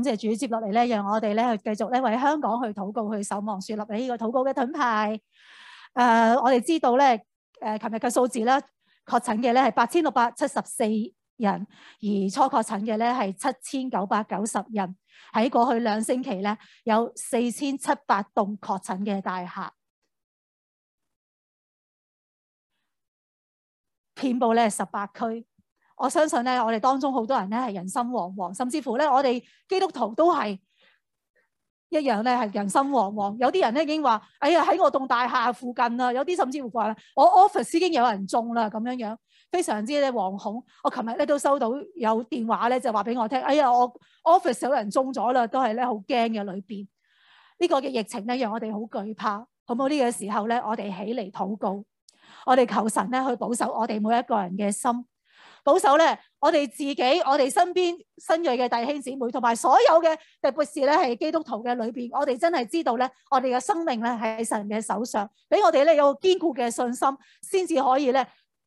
感謝主接落嚟咧，讓我哋咧去繼續咧為香港去禱告，去守望、樹立起呢個禱告嘅盾牌。誒、呃，我哋知道咧，誒、呃，琴日嘅數字咧，確診嘅咧係八千六百七十四人，而初確診嘅咧係七千九百九十人。喺過去兩星期咧，有四千七百棟確診嘅大廈，遍布咧十八區。我相信咧，我哋當中好多人咧係人心惶惶，甚至乎咧，我哋基督徒都係一樣咧係人心惶惶。有啲人咧已經話：哎呀，喺我棟大廈附近啦！有啲甚至乎話：我 office 已經有人中啦咁樣樣，非常之咧惶恐。我琴日咧都收到有電話咧，就話俾我聽：哎呀，我 office 有人中咗啦，都係咧好驚嘅裏邊。呢個嘅疫情咧，讓我哋好懼怕。好唔好呢個時候咧，我哋起嚟禱告，我哋求神咧去保守我哋每一個人嘅心。保守咧，我哋自己，我哋身邊新銳嘅弟兄姊妹，同埋所有嘅特別係咧，係基督徒嘅裏邊，我哋真係知道咧，我哋嘅生命咧喺神嘅手上，俾我哋咧有個堅固嘅信心，先至可以咧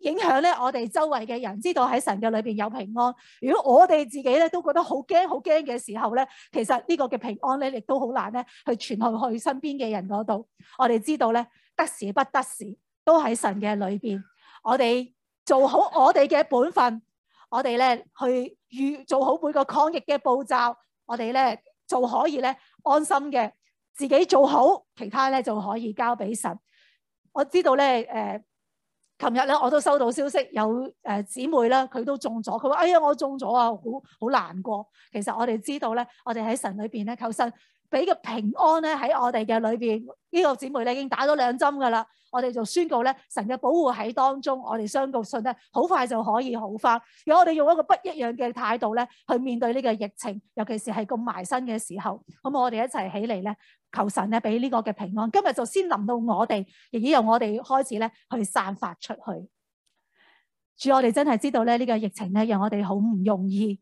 影響咧我哋周圍嘅人，知道喺神嘅裏邊有平安。如果我哋自己咧都覺得好驚、好驚嘅時候咧，其實呢個嘅平安咧，亦都好難咧去傳去去身邊嘅人嗰度。我哋知道咧，得時不得時，都喺神嘅裏邊。我哋。做好我哋嘅本分，我哋咧去預做好每個抗疫嘅步驟，我哋咧就可以咧安心嘅自己做好，其他咧就可以交俾神。我知道咧，誒，琴日，咧我都收到消息，有誒姊妹啦，佢都中咗，佢話哎呀，我中咗啊，好好難過。其實我哋知道咧，我哋喺神裏邊咧求神。俾個平安咧喺我哋嘅裏邊，呢個姊妹咧已經打咗兩針噶啦，我哋就宣告咧神嘅保護喺當中，我哋相告信咧好快就可以好翻。如果我哋用一個不一樣嘅態度咧去面對呢個疫情，尤其是係咁埋身嘅時候，咁我哋一齊起嚟咧求神咧俾呢個嘅平安。今日就先臨到我哋，亦由我哋開始咧去散發出去。主，我哋真係知道咧呢個疫情咧讓我哋好唔容易。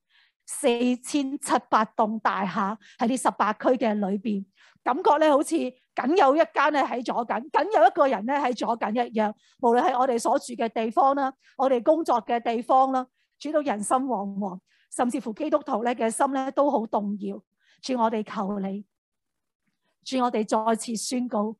四千七百棟大廈喺呢十八區嘅裏邊，感覺咧好似僅有一間咧喺左近，僅有一個人咧喺左近一樣。無論係我哋所住嘅地方啦，我哋工作嘅地方啦，主，到人心惶惶，甚至乎基督徒咧嘅心咧都好動搖。主，我哋求你，主，我哋再次宣告，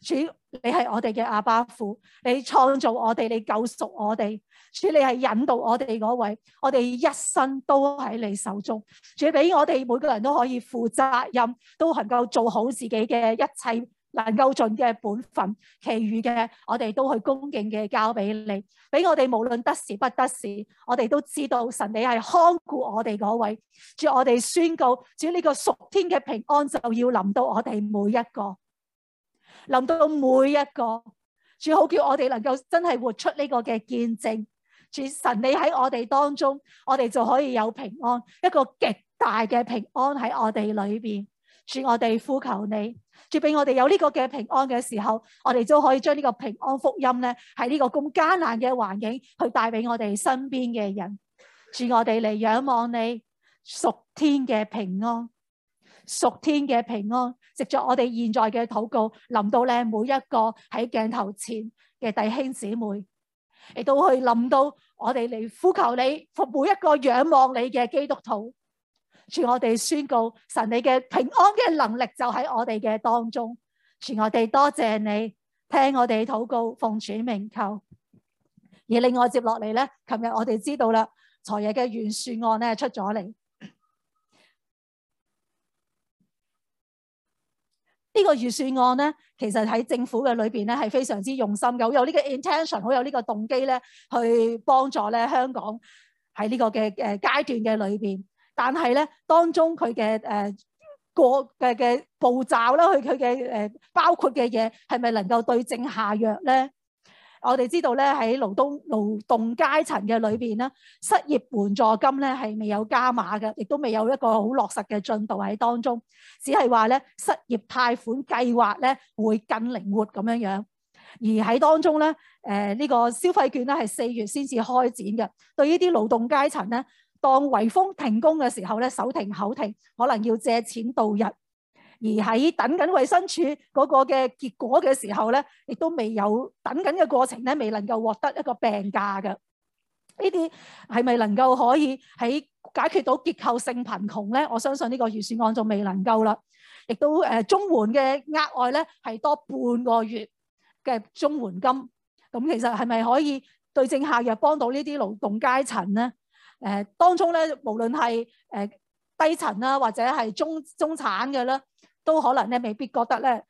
主。你係我哋嘅阿爸父，你創造我哋，你救贖我哋，主你係引導我哋嗰位，我哋一生都喺你手中。主俾我哋每個人都可以負責任，都能夠做好自己嘅一切，能夠盡嘅本分，其餘嘅我哋都去恭敬嘅交俾你，俾我哋無論得時不得時，我哋都知道神你係看顧我哋嗰位。主我哋宣告，主呢、這個屬天嘅平安就要臨到我哋每一個。諗到每一個，最好叫我哋能夠真係活出呢個嘅見證。主神，你喺我哋當中，我哋就可以有平安，一個極大嘅平安喺我哋裏邊。主，我哋呼求你，主俾我哋有呢個嘅平安嘅時候，我哋都可以將呢個平安福音咧，喺呢個咁艱難嘅環境去帶俾我哋身邊嘅人。主，我哋嚟仰望你屬天嘅平安。屬天嘅平安，藉着我哋現在嘅禱告，臨到咧每一個喺鏡頭前嘅弟兄姊妹，亦都去臨到我哋嚟呼求你，每一個仰望你嘅基督徒，全我哋宣告神你嘅平安嘅能力就喺我哋嘅當中，全我哋多謝，謝你聽我哋禱告，奉主名求。而另外接落嚟咧，琴日我哋知道啦，財爺嘅預算案咧出咗嚟。呢個預算案咧，其實喺政府嘅裏邊咧，係非常之用心嘅，好有呢個 intention，好有呢個動機咧，去幫助咧香港喺呢個嘅誒階段嘅裏邊。但係咧，當中佢嘅誒過嘅嘅步驟啦，佢佢嘅誒包括嘅嘢，係咪能夠對症下藥咧？我哋知道咧，喺勞動勞動階層嘅裏邊咧，失業援助金咧係未有加碼嘅，亦都未有一個好落實嘅進度喺當中，只係話咧失業貸款計劃咧會更靈活咁樣樣，而喺當中咧，誒、這、呢個消費券咧係四月先至開展嘅，對於啲勞動階層咧，當颶風停工嘅時候咧，手停口停，可能要借錢度日。而喺等緊衞生署嗰個嘅結果嘅時候咧，亦都未有等緊嘅過程咧，未能夠獲得一個病假嘅。呢啲係咪能夠可以喺解決到結構性貧窮咧？我相信呢個預算案仲未能夠啦。亦都誒綜援嘅額外咧係多半個月嘅綜援金，咁其實係咪可以對症下藥幫到呢啲勞動階層咧？誒當中咧無論係誒低層啦，或者係中中產嘅啦。都可能咧，未必覺得咧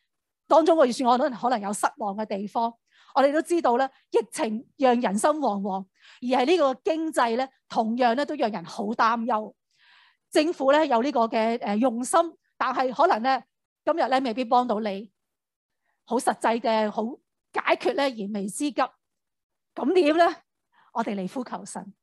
當中個預算案可能可能有失望嘅地方。我哋都知道咧，疫情讓人心惶惶，而係呢個經濟咧，同樣咧都讓人好擔憂。政府咧有呢個嘅誒用心，但係可能咧今日咧未必幫到你，好實際嘅好解決咧燃眉之急。咁點咧？我哋嚟呼求神，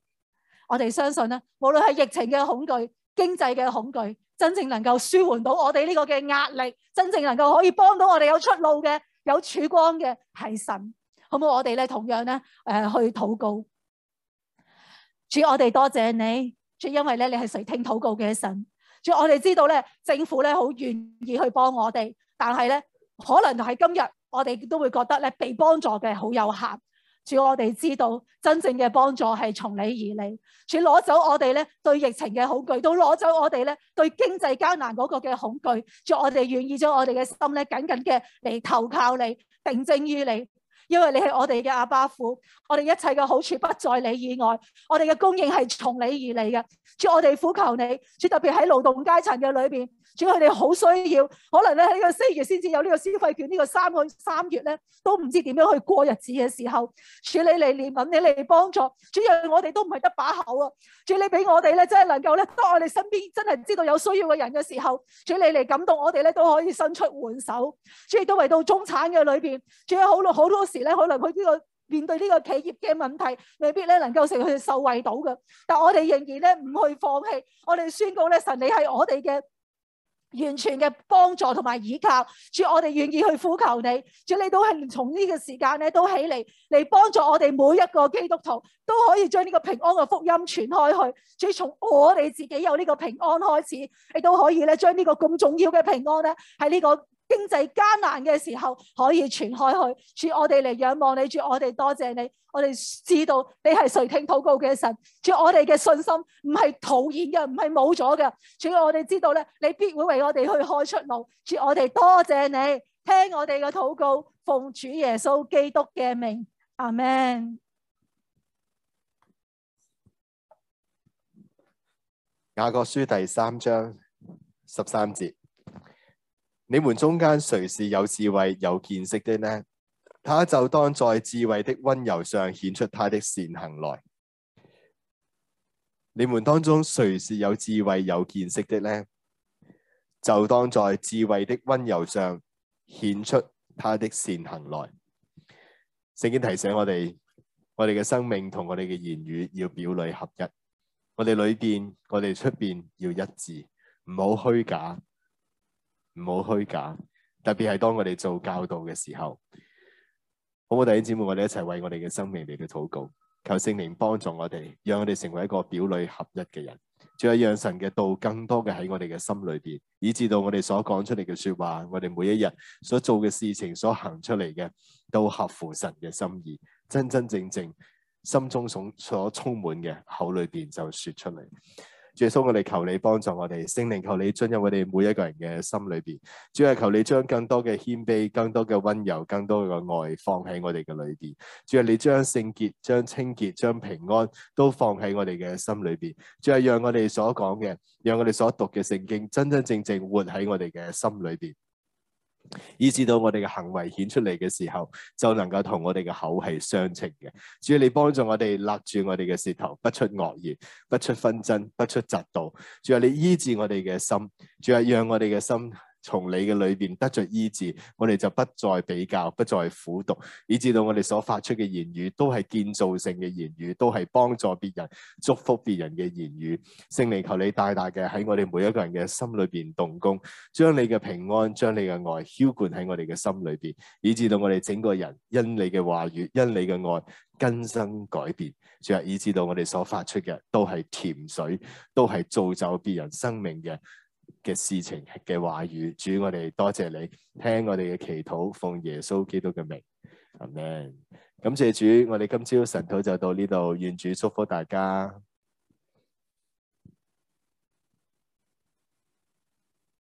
我哋相信咧，無論係疫情嘅恐懼、經濟嘅恐懼。真正能夠舒緩到我哋呢個嘅壓力，真正能夠可以幫到我哋有出路嘅、有曙光嘅係神，好唔好？我哋咧同樣咧誒去禱告。主，我哋多謝你，主，因為咧你係垂聽禱告嘅神，主，我哋知道咧政府咧好願意去幫我哋，但係咧可能喺今日我哋都會覺得咧被幫助嘅好有限。主，我哋知道真正嘅幫助係從你而嚟。主，攞走我哋咧對疫情嘅恐懼，都攞走我哋咧對經濟艱難嗰個嘅恐懼。主，我哋願意將我哋嘅心咧緊緊嘅嚟投靠你，定睛於你。因為你係我哋嘅阿爸父，我哋一切嘅好處不在你以外，我哋嘅供應係從你而嚟嘅。主要我哋苦求你，主特別喺勞動階層嘅裏邊，主佢哋好需要，可能咧喺個四月先至有呢個消費券，這個、呢個三個三月咧都唔知點樣去過日子嘅時候，主你嚟憐憫你嚟幫助。主因我哋都唔係得把口啊，主要你俾我哋咧真係能夠咧當我哋身邊真係知道有需要嘅人嘅時候，主要你嚟感動我哋咧都可以伸出援手。主亦都為到中產嘅裏邊，仲有好多好多。時咧，可能佢呢個面對呢個企業嘅問題，未必咧能夠成佢哋受惠到嘅。但係我哋仍然咧唔去放棄，我哋宣告咧神，你係我哋嘅完全嘅幫助同埋倚靠。主我哋願意去呼求你，主你都係從呢個時間咧都起嚟，嚟幫助我哋每一個基督徒都可以將呢個平安嘅福音傳開去。主從我哋自己有呢個平安開始，你都可以咧將呢個咁重要嘅平安咧喺呢個。經濟艱難嘅時候，可以傳開去。主我哋嚟仰望你，主我哋多謝你。我哋知道你係垂聽禱告嘅神。主我哋嘅信心唔係徒然嘅，唔係冇咗嘅。主要我哋知道咧，你必會為我哋去開出路。主我哋多謝你，聽我哋嘅禱告，奉主耶穌基督嘅名。阿門。雅各書第三章十三節。你們中間誰是有智慧有見識的呢？他就當在智慧的温柔上顯出他的善行來。你們當中誰是有智慧有見識的呢？就當在智慧的温柔上顯出他的善行來。聖經提醒我哋，我哋嘅生命同我哋嘅言語要表裏合一，我哋裏邊，我哋出邊要一致，唔好虛假。唔好虛假，特別係當我哋做教導嘅時候，好唔好？弟兄姊妹，我哋一齊為我哋嘅生命嚟到禱告，求聖靈幫助我哋，讓我哋成為一個表裏合一嘅人，仲有讓神嘅道更多嘅喺我哋嘅心裏邊，以致到我哋所講出嚟嘅說話，我哋每一日所做嘅事情，所行出嚟嘅都合乎神嘅心意，真真正正心中所所充滿嘅，口裏邊就說出嚟。主耶穌，我哋求你幫助我哋聖靈，求你進入我哋每一個人嘅心裏邊。主啊，求你將更多嘅謙卑、更多嘅溫柔、更多嘅愛放喺我哋嘅裏邊。主啊，你將聖潔、將清潔、將平安都放喺我哋嘅心裏邊。主啊，讓我哋所講嘅，讓我哋所讀嘅聖經真真正正活喺我哋嘅心裏邊。以至到我哋嘅行為顯出嚟嘅時候，就能夠同我哋嘅口係相稱嘅。主啊，你幫助我哋勒住我哋嘅舌頭，不出惡言，不出紛爭，不出嫉妒。主啊，你醫治我哋嘅心，主啊，讓我哋嘅心，從你嘅裏邊得着醫治，我哋就不再比較，不再苦毒，以致到我哋所發出嘅言語都係建造性嘅言語，都係幫助別人、祝福別人嘅言語。聖靈，求你大大嘅喺我哋每一個人嘅心裏邊動工，將你嘅平安、將你嘅愛澆灌喺我哋嘅心裏邊，以致到我哋整個人因你嘅話語、因你嘅愛根生改變。最後，以致到我哋所發出嘅都係甜水，都係造就別人生命嘅。.嘅事情嘅話語，主，我哋多謝你聽我哋嘅祈禱，奉耶穌基督嘅名，Amen。感謝主，我哋今朝神徒就到呢度，願主祝福大家。